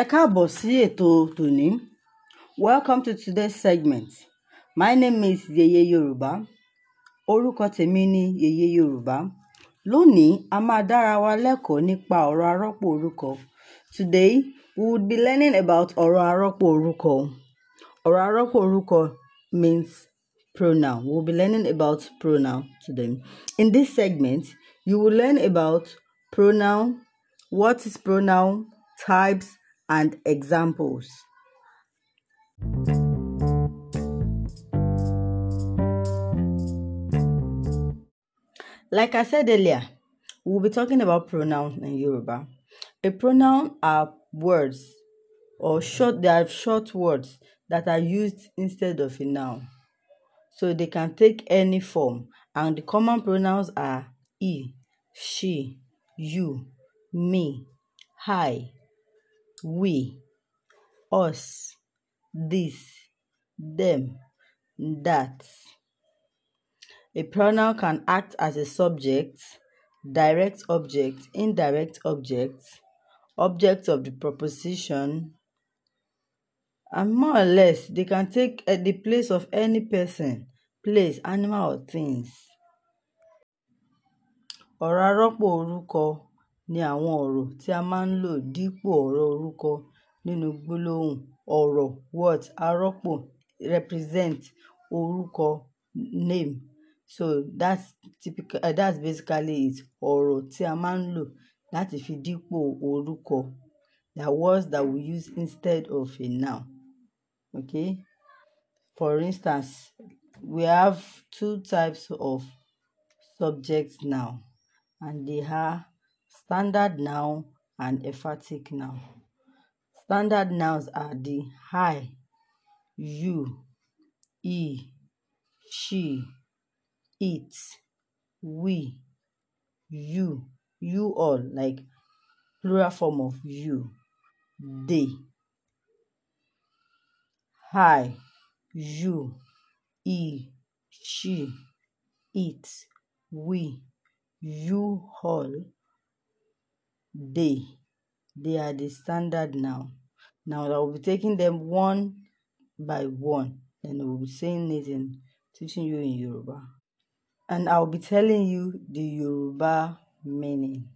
Ẹ káàbọ̀ sí ètò tòní. Welcome to today's segment. My name is Yeye Yorùbá. Orúkọ tèmi ni Yeye Yorùbá. Lónìí, a máa dára wa lẹ́kọ̀ọ́ nípa ọ̀rọ̀ arọ́pò orúkọ. Today, we would be learning about ọ̀rọ̀ arọ́pò orúkọ. Ọ̀rọ̀ arọ́pò orúkọ means pronoun. We'll be learning about pronoun today. In this segment, you will learn about pronoun, what is pronoun, types, and examples. Like I said earlier, we'll be talking about pronoun in Yoruba. A pronoun are words or short they are short words that are used instead of a noun so they can take any form, and the common pronouns are he, she, you, me, hi, we, us, this, them, that. A pronoun can act as a subject, direct object, indirect object, object of the proposition, and more or less they can take uh, the place of any person place animal or things. ọ̀rọ̀ arọ́pò orúkọ ni àwọn ọ̀rọ̀ tí a máa ń lò dípò ọ̀rọ̀ orúkọ nínú gbólóhùn ọ̀rọ̀ what arọ́pò represent orúkọ name so that's typical uh, that's basically it ọ̀rọ̀ tí a máa ń lò láti fi dípò orúkọ the words that we use instead of a noun. Okay. For instance, we have two types of subjects now, and they are standard noun and emphatic noun. Standard nouns are the I, you, he, she, it, we, you, you all, like plural form of you, they. I, you, he, she, it, we, you all, they. They are the standard now. Now I will be taking them one by one and we will be saying it and teaching you in Yoruba. And I'll be telling you the Yoruba meaning.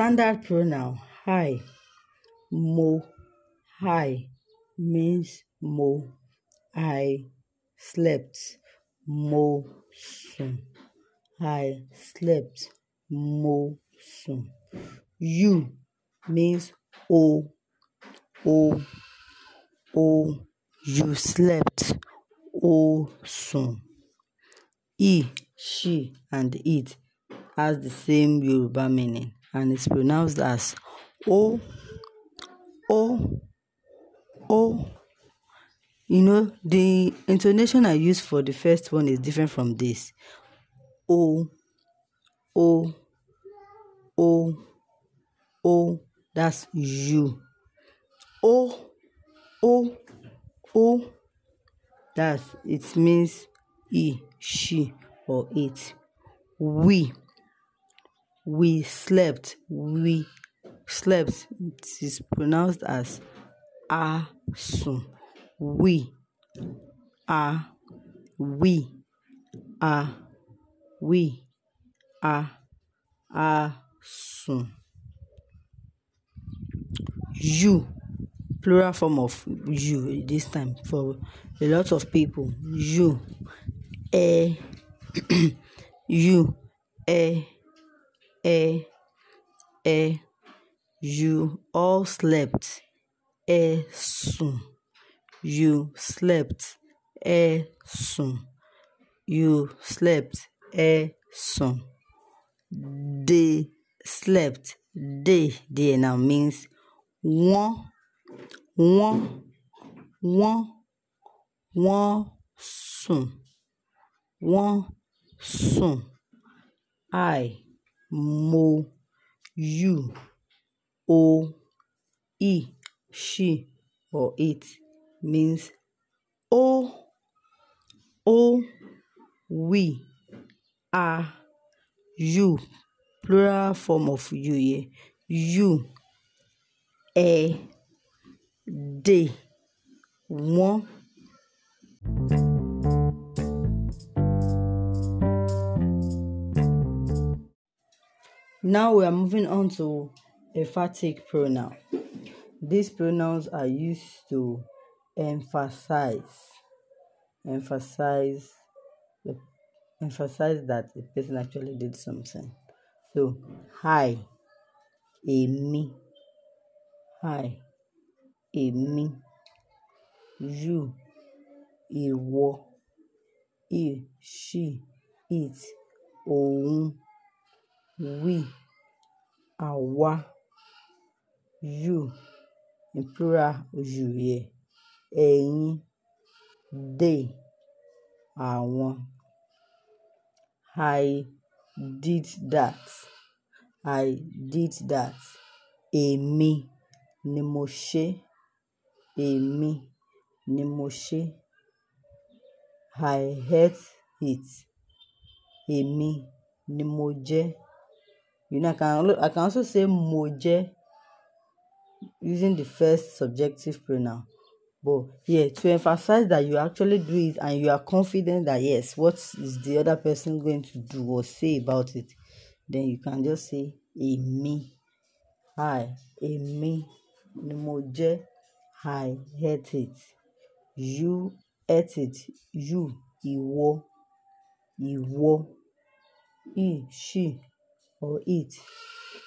Standard pronoun Hi, mo, Hi means mo. I slept, mo soon. I slept, mo soon. You means o, o, o. You slept, o soon. E, she, and it has the same Yoruba meaning and it's pronounced as O, O, O. You know, the intonation I use for the first one is different from this. O, O, O, O. That's you. O, O, O. That's it means e, she, or it. We we slept we slept it is pronounced as asun we are we are we are asun you plural form of you this time for a lot of people you eh, a, you a. Eh, um um you all slept ẹ sùn you slept ẹ sùn you slept ẹ sùn they slept they there now means one, one, one, one sùn One sùn I mo, you, o, e, she or it means o, o, we, are, you plural form of you yẹn. You, ẹ, e, they, wọ́n. Now we are moving on to emphatic pronoun. These pronouns are used to emphasize emphasize emphasize that the person actually did something. So hi Amy hi Amy you ìwọ he she it òun we àwa, you in plural you here, ẹ̀yin, they, àwọn. I did that. I did that. Èmi ni mo ṣe. Èmi ni mo ṣe. I hate it. Èmi ni mo jẹ. You know, I can I can also say moje using the first subjective pronoun. But yeah, to emphasize that you actually do it and you are confident that yes, what is the other person going to do or say about it, then you can just say èmi. "hi", èmi "moje", mo jẹ. I ate it. You ate it. You ìwọ ìwọ. He she or eat.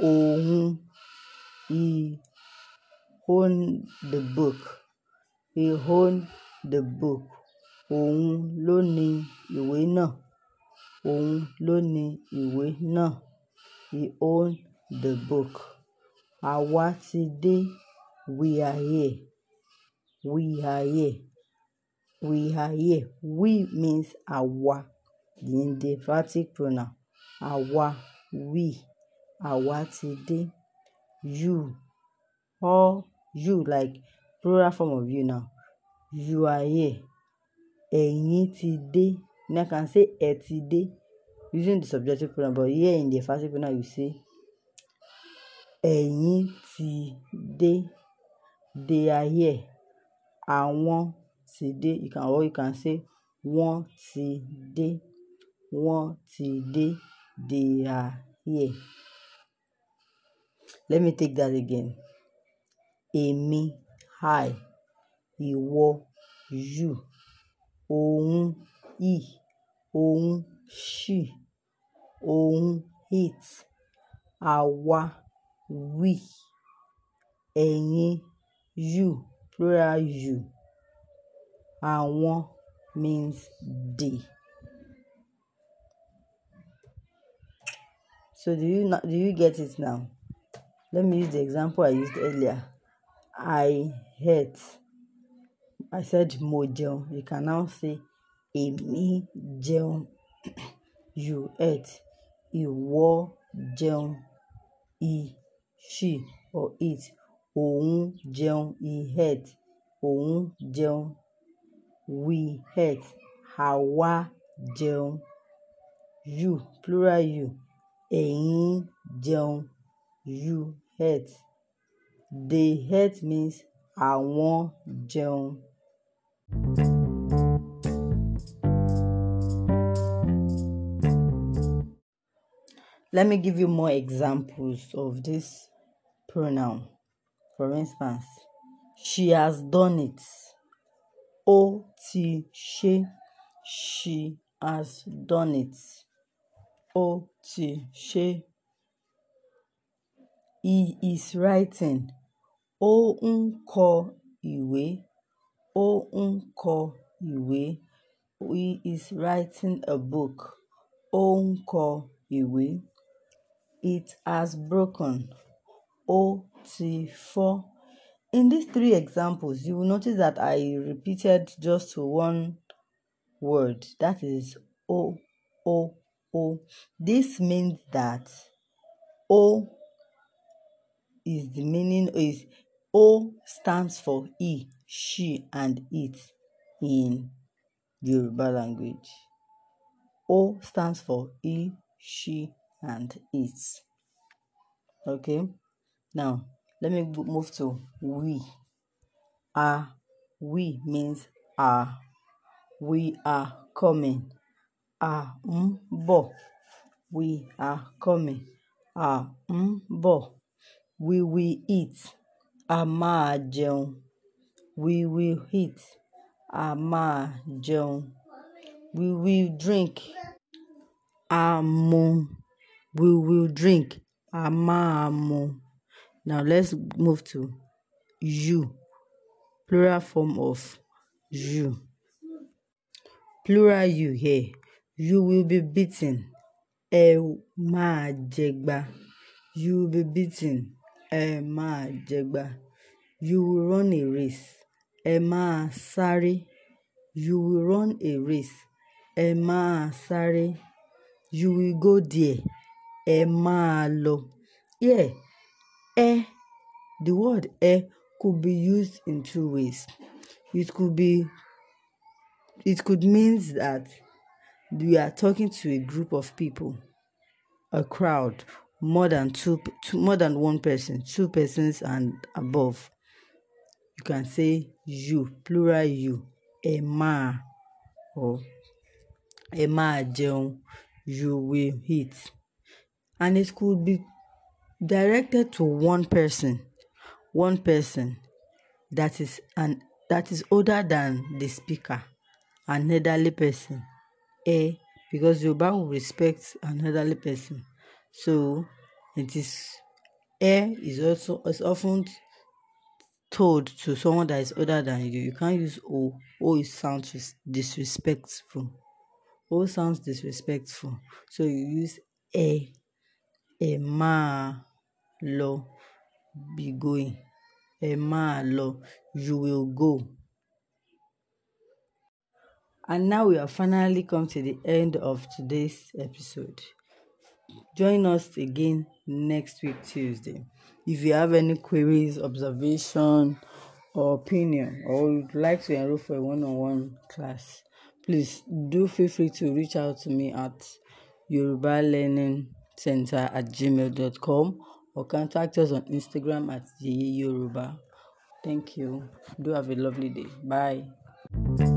òun, he owned the book. He owned the book. Òun ló ni ìwé náà. Òun ló ni ìwé náà. He owned the book. Àwa ti dé. We are here. We are here. We are here. We means àwa. The indicative pronoun. Àwa. We, àwa ti dé. You, all you like plural form of you now. You are here. Ẹ̀yin ti dé. Now I can say ẹ ti dé using the subjunctive pronoun, but here in the emphatic pronoun you say ẹ̀yin ti dé. They are here. Àwọn ti dé. You can or you can say wọ́n ti dé. Wọ́n ti dé they are here. Let me take that again. Èmi, I, ìwọ, you, òun, he, òun, she, òun, it, àwa, we, ẹ̀yin, you, plural you. Àwọn means they. So do you do you get it now? Let me use the example I used earlier. I hate. I said mo jẹun. You can now say me jẹun. You ate. Ìwọ jẹun. He, she or it. Òun jẹun. He ate. Òun jẹun. We ate. Àwa jẹun. You plural you. Ẹ̀yin jẹun, you ate. The ate means àwọn jẹun. Let me give you more examples of this pronoun. For instance, she has done it. O ti ṣe. She has done it. O ti ṣe. He is writing. Ó ń kọ ìwé. Ó ń kọ ìwé. He is writing a book. Ó ń kọ ìwé. It has broken. Ó ti fọ́. In these three examples, you will notice that I repeated just one word that is O O. O. Oh, this means that O oh is the meaning is O oh stands for E, she and it in Yoruba language. O stands for E, she and it. Okay. Now let me move to we. Are we means are. We are coming. à ń bọ̀. We are coming. A ń bọ̀. We will eat. A máa jẹun. We will eat. A máa jẹun. We will drink. A mu. We will drink. A máa mu. Now let's move to you. Plural form of you. Plural you here. You will be beaten. Ẹ máa jẹgba. You will be beaten. Ẹ máa jẹgba. You will run a race. Ẹ máa sáré. You will run a race. Ẹ máa sáré. You will go there. Ẹ máa lọ. Here, ẹ, the word ẹ could be used in two ways. It could be, it could mean that We are talking to a group of people, a crowd, more than two, two more than one person, two persons and above. You can say you, plural you, Emma, or Emma ma you will hit. And it could be directed to one person, one person that is an that is older than the speaker, an elderly person air eh, because Yoruba will respect another person. So it is air is also is often told to someone that is older than you. You can't use O. O sounds disrespectful. O sounds disrespectful. So you use E. Ẹ e máa lọ. Be going. Ẹ e ma lo You will go. And now we have finally come to the end of today's episode. Join us again next week, Tuesday. If you have any queries, observation, or opinion, or would like to enroll for a one on one class, please do feel free to reach out to me at Yoruba Learning Center at gmail.com or contact us on Instagram at the Yoruba. Thank you. Do have a lovely day. Bye.